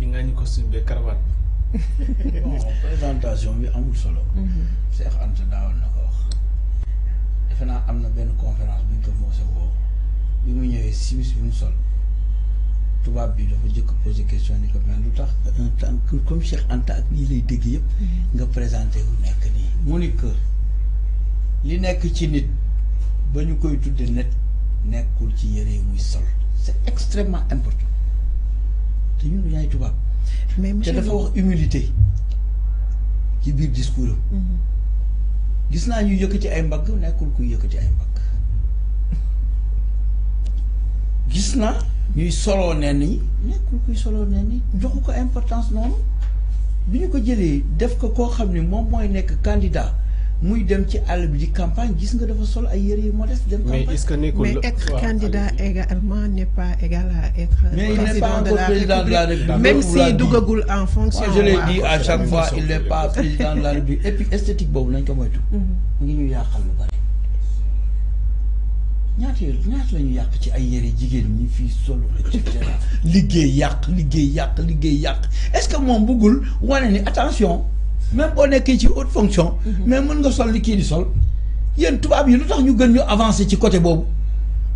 ñu ngaañu costume bi cravate bi. présentation bi amul solo. Mhm. Cheikh Anta daawoon wax. defe naa am na benn conférence bu ñu ko mos bi mu ñëwee simis bi sol tubaab bi dafa jëkk posé question ko mais lu tax un temps comme Cheikh Anta ak nii lay dégg yëpp. Mhm. nga présenté wu nekk nii mu ni kër li nekk ci nit ba ñu koy tudde net nekkul ci yëre muy sol c'est extrêmement important. te ñun mais dafa wax humilité ci biir discours am. Mhm. gis naa ñu yëkk ci ay mbagg nekkul kuy yëkk ci ay mbagg gis na ñuy importance noonu bi ko jëlee def ko koo xam moom mooy candidat muy dem ci àll bi di campagne gis nga dafa sol ay yëre yu modeste dem campagne mais est-ce que n'est mais être candidat également n'est pas égal à être président de la République même si dugagul en fonction je l'ai dit à chaque fois il n'est pas président de la République et puis esthétique boobu nañ ko moytu mhm. mu ngi ñu yàqal lu bari ñaata yëre ñaata la ñu yàq ci ay yëre jigéen ñi fii solu et cetera liggéey yàq liggéey yàq liggéey yàq est-ce que moom bugul wane ni attention même boo nekkee ci haute fonction. Mhm. mais mën nga sol li kii di sol. yéen tubaab yi lu tax ñu gën ñu avancer ci côté boobu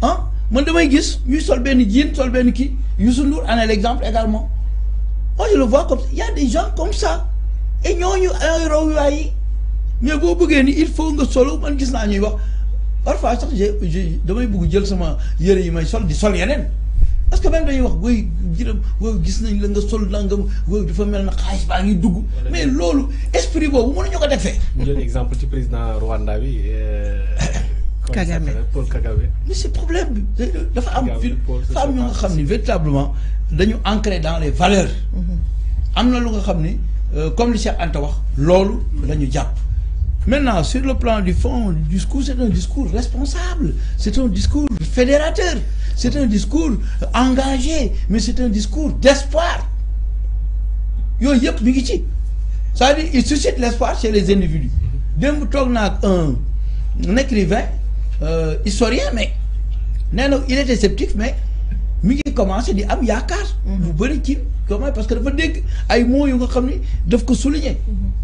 ah man damay gis ñuy sol benn jean sol ben kii Youssou Ndour en exemple également moi je le vois comme ça il y a des gens comme ça et ñooñu ay royuwaay yi mais boo bëggee ni il faut nga solo man gis naa ñuy wax parfois sax j'ai damay bëgg jël sama yére yi may sol di sol yeneen parce que même dañuy wax wéy jërëm wéy gis nañ la nga sol langam wéy dafa mel na xaalis baa ngi dugg mais lolu esprit boobu mënuñu ko defé ñu exemple ci président Rwanda bi euh, Kagame Paul Kagame mais c'est problème euh, euh, dafa am dafa am ñu nga xam véritablement dañu ancré dans les valeurs mm-hmm. am na lu nga xamni ni comme li Cheikh Anta wax loolu la ñu Maintenant, sur le plan du fond, du discours, c'est un discours responsable, c'est un discours fédérateur, c'est un discours engagé, mais c'est un discours d'espoir. Ça veut dire, il suscite l'espoir chez les individus. un, un écrivain, euh, historien, mais il était sceptique, mais il commence commencé dire « am Yakar, mm-hmm. bu vous ci comment parce que vous qu'il ay mots yu nga xam souligner. Mm-hmm.